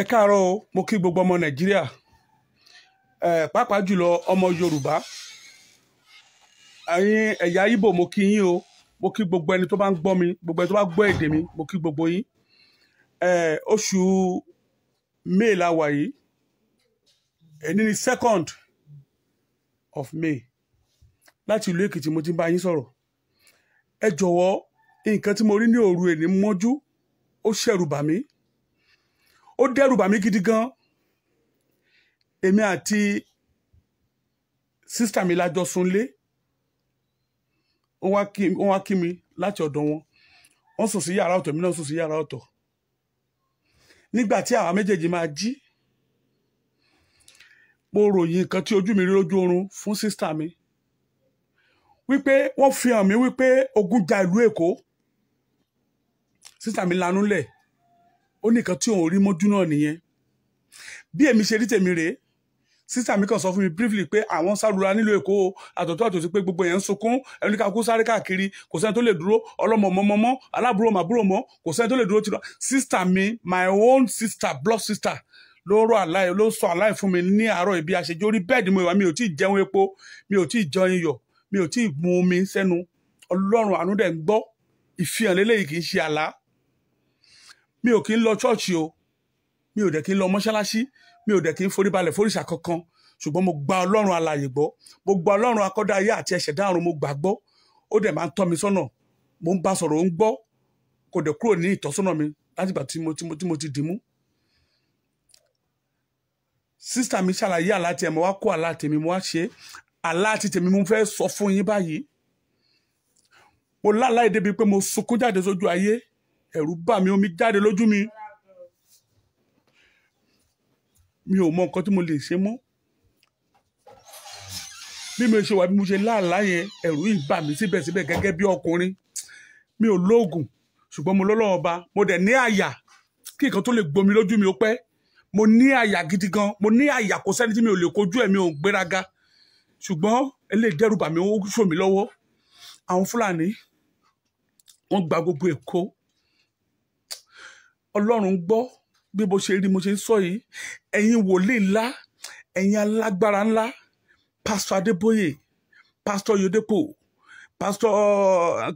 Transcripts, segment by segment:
ẹ káàárọ̀ o mo kí gbogbo ọmọ nàìjíríà ẹ pàápàá jùlọ ọmọ yorùbá ẹ̀yin ẹ̀yà ìbò mo kí yín o mo kí gbogbo ẹni tó bá ń gbọ́ mi gbogbo ẹni tó bá gbọ́ èdè mi mo kí gbogbo yín ẹ oṣù may la wà yìí èní ni second of may láti ìlú èkìtì mo ti ń bá yín sọ̀rọ̀ ẹ jọ̀wọ́ nǹkan tí mo rí ní òru èní mọ́jú ó ṣẹ̀rù bà mí ó dẹ́rù bà mí gidi gan èmi àti sísítà mi lájọ sunlé wọ́n wá kí mi láti ọ̀dọ̀ wọn wọ́n sùn sí yàrá ọ̀tọ̀ mi náà sùn sí yàrá ọ̀tọ̀ nígbà tí àwa méjèèjì máa jí mo ròyìn nǹkan tí ojú mi rí lójú oorun fún sísítà mi wípé wọ́n fi hàn mí wípé ogun ja ìlú èkó sísítà mi lanúlẹ̀ ó ní nǹkan tí òun rí mójú náà nìyẹn bí èmi ṣe rí tèmi rèé sísà mi kàn sọ fún mi briefly pé àwọn sárura nílò èkó àtọ̀tọ̀ àtòsí pé gbogbo yẹn ń sunkún ẹni ká kú sáré káàkiri kò sẹ́ni tó lè dúró ọlọ́mọ mọ́mọ́mọ́ aláàbúrò màbúrò mọ́ kò sẹ́ni tó lè dúró tìrọ sísà mi my own sister blood sister ló rọ àlàyé ló sọ àlàyé fún mi ní àárọ̀ ibi àṣejórí bẹ́ẹ̀ ni mo wà mi ò tí ì jẹun epo mi ò tí ì jẹun iyọ̀ mi ò tí ì mu omi sẹ́nu ọlọ́run àánú dẹ̀ ń gbọ́ ìfihàn lélẹ́yìí kì í ṣe àlá mi ò kí ń lọ ṣọ́ọ̀ṣì o mi ò dẹ̀ kí ń lọ mọ́ṣáláṣí mi ò dẹ̀ kí ń foríbalẹ̀ foríṣà kankan ṣùgbọ́n mo gba ọlọ́run alààyè gbọ́ mo gba ọlọ́run akọ́dá ayé àti ẹ̀ṣẹ̀dá ọ̀run mo gbà gbọ́ ó dẹ̀ máa ń tọ́ mi sọ́nà mo ń bá sọ̀rọ̀ ó ń gbọ́ kò dẹ̀ kúrò ní ìtọ́sọ́nà mi láti ìgbà tí mo ti tí mo ti dì mú. sísítà mi ṣàlàyé àlá tiẹ̀ mo wá kó àlá tèmi mo wá ṣe àlá àti tèmi mo fẹ́ sọ fún yín báyìí mo láláì débi pé mo sunkún jáde sójú ayé ẹ̀rù bà mí omi jáde lójú mi mi ò mọ nǹkan tí mo lè ṣe mọ́ bí mo ṣe wà bí mo ṣe láàlá yẹn ẹ̀rù yìí bà mí síbẹ̀síbẹ̀ gẹ́gẹ́ bí ọkùnrin mi ò lóògùn ṣùgbọ́n mo lọ́lọ́run ọba mo dẹ̀ ní àyà kí nǹkan tó lè gbomi lójú mi ó pẹ́ mo ní àyà gidi gan mo ní àyà kò sẹ́ni tí mi ò lè kojú ẹ̀ mi ò gbéraga ṣùgbọ́n eléyìí dẹ́rù bà mí ó fò lọ́wọ́ àwọn Fúlàní wọ́n gba gbogbo Èkó ọlọ́run gbọ́ bí mo ṣe rí mo ṣe ń sọ yìí ẹ̀yin wòlíì ńlá ẹ̀yin alágbára ńlá pásítọ̀ adébóyè pásítọ̀ yòdépò pásítọ̀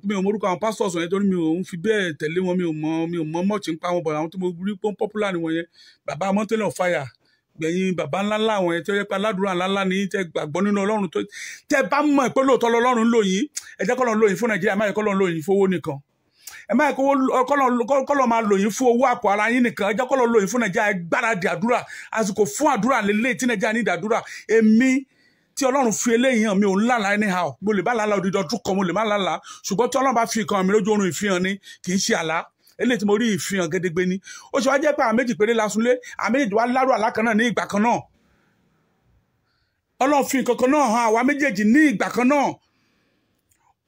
mi ò mórúkọ àwọn pásítọ̀ sọ̀rọ̀ nítorí mi ò ń fi bẹ́ẹ̀ tẹ̀lé wọn mi ò mọ mi ò mọ mọ́ọ̀tì ń pa wọn bọ̀ àwọn tó mo rí pọ́n pọ́pùlà ni wọ̀nyẹn bàbá mountain of fire gbẹ̀yìn bàbá ńláńlá àwọn yẹn tó yẹ pé aládùúrà ńláńlá ni tẹ gbàgbọ́ nínú ọlọ́run tó tẹ bá mọ̀ pé lóòótọ́ lọ́run lóyìn ẹ jẹ́ kọ́lọ́run lóyìn fún nàìjíríà má yẹ kọ́lọ́run lóyìn fowó nìkan ẹ má yẹ kó kọ́lọ̀ máa lò yín fún owó àpò ara yín nìkan ẹ jẹ́ kọ́lọ̀ lò yín fún nàìjíríà ẹ gbáradì àdúrà àsìkò fún àdúrà lélẹ̀ tí nàìjíríà ní ìdàdúrà èmi tí ọlọ́run fi eléyìí hàn mi ò ń lálà anyhow mo lè bá lálà òdìdí ọdún kan mo lè má lálà ṣùgbọ́n tí ọlọ́run bá fi ìkan mi lójú oorun ìfihàn ni kì í ṣe àlá eléyìí tí mo rí ìfihàn gédégbé ni ó ṣe wá jẹ́ pé àwọn péré lasunlé àwọn wá lárò àlá náà ní ìgbà kan náà ọlọ́run fi nǹkan náà hàn àwa méjèèjì ní ìgbà kan náà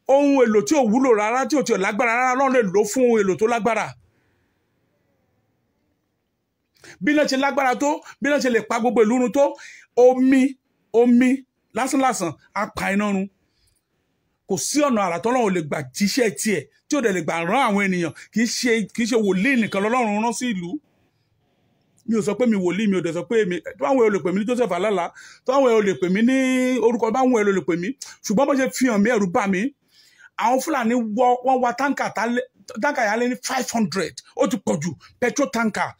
ohun èlò tí ò wúlò rárá tí ò tí ò lágbára rárá lọ́n lè lò fún ohun èlò tó lágbára bí náà ṣe lágbára tó bí náà ṣe lè pa gbogbo ìlú run tó omi omi lásánlásán apá iná run kò sí ọ̀nà àrà tọ́lọ́run lè gbà jíṣẹ́ tiẹ̀ tí ò dẹ̀ lè gbà rán àwọn ènìyàn kì í ṣe kì í ṣe wòlíì nìkan lọ́lọ́run rán sí ìlú mi ò sọ pé mi wòlíì mi ò dẹ̀ sọ pé mi tó àwọn ẹ̀ ò lè pè mí ní Joseph Alala tó àwọn ẹ̀ ò ní orúkọ báwọn ẹ̀ ò lè ṣùgbọ́n bó ṣe fi hàn ẹ̀rù bà mí àwọn fúlàní wọ wọn wa táǹkà táǹkà yálé ní five hundred ó ti pọ̀ petrol tanker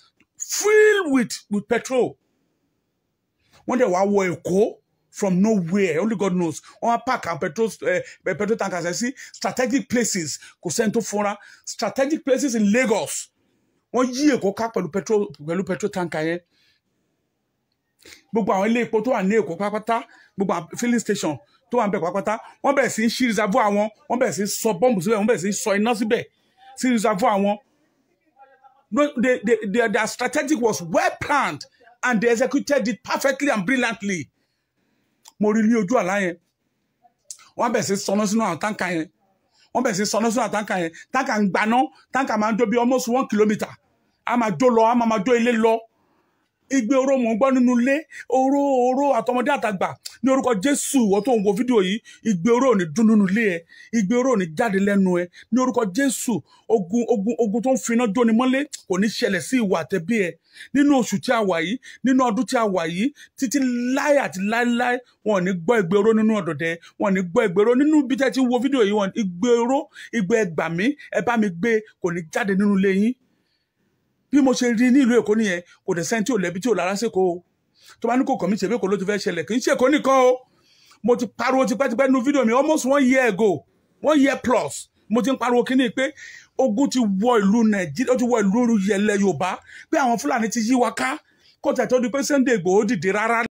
filled with with petrol wọ́n dẹ̀ wá wọ èkó from nowhere only God knows wọ́n wá park àwọn petrol uh, petrol tankers ẹ̀ sí strategic places kò sẹ́ni tó fúnra strategic places in Lagos wọ́n yí èkó ká pẹ̀lú petrol pẹ̀lú petrol tanker yẹn gbogbo àwọn ilé epo tó wà ní èkó pátápátá gbogbo filling station tó wà ń bẹ̀ pátápátá wọ́n bẹ̀rẹ̀ sí í ṣí reservoir àwọn wọ́n bẹ̀rẹ̀ sí í sọ bọ́ǹbù síbẹ̀ wọ́n bẹ̀rẹ̀ sí í sọ iná síbẹ̀ sí reservoir àwọn their strategic was well planned and they executed it perfectly and brilliantly mo rí ní ojú àlá yẹn wọ́n bẹ̀rẹ̀ sí í sọná sínú àwọn táǹkà yẹn wọ́n bẹ̀rẹ̀ sí í sọná sínú àwọn táǹkà yẹn táǹkà ń gbaná táǹkà máa ń jó bí almost one kilometre a máa jó lọ a máa máa jó ilé lọ igbe oró mò ń gbọ́ nínú ilé oró oró àtọmọdé àtàgbà ní orúkọ jésù wọ́n tó ń wo fídíò yìí igbe oró ò ní dún nínú ilé ẹ igbe oró ò ní jáde lẹ́nu ẹ ní orúkọ jésù ogun ogun ogun tó ń finá jóni mọ́lé kò ní ṣẹlẹ̀ sí ìwà àtẹ̀bí ẹ nínú oṣù tí a wà yìí nínú ọdún tí a wà yìí títí láì àti láíláí wọn ò ní gbọ́ igbe oró nínú ọ̀dọ̀dẹ wọn ò ní gbọ́ igbe oró nínú bí tẹ́ ti wo fídíò yìí wọn igbe oró igbe ẹgbàmí ẹ bá mi gbé kò ní jáde nínú ilé yín bí mo ṣe rí nílùú èkó nìyẹn kò dẹ̀ sẹ́ni tí ò lẹ́bi tí ò lára ṣèkó o tó bá ní kò kàn mí ṣèbéko ló ti fẹ́ ṣẹlẹ̀ kì í ṣèkó nìkan o mo ti pariwo tipẹ́tipẹ́ nínú fídíò mi almost one year ago one year plus mo ti ń pariwo kíní pé ogun ti wọ ìlú nàìjíríà ó ti wọ ìlú ilẹ̀ yorùbá pé àwọn fúlàní ti yí wa ká kó tẹ̀ di pé Sunday Igboho dìde rárá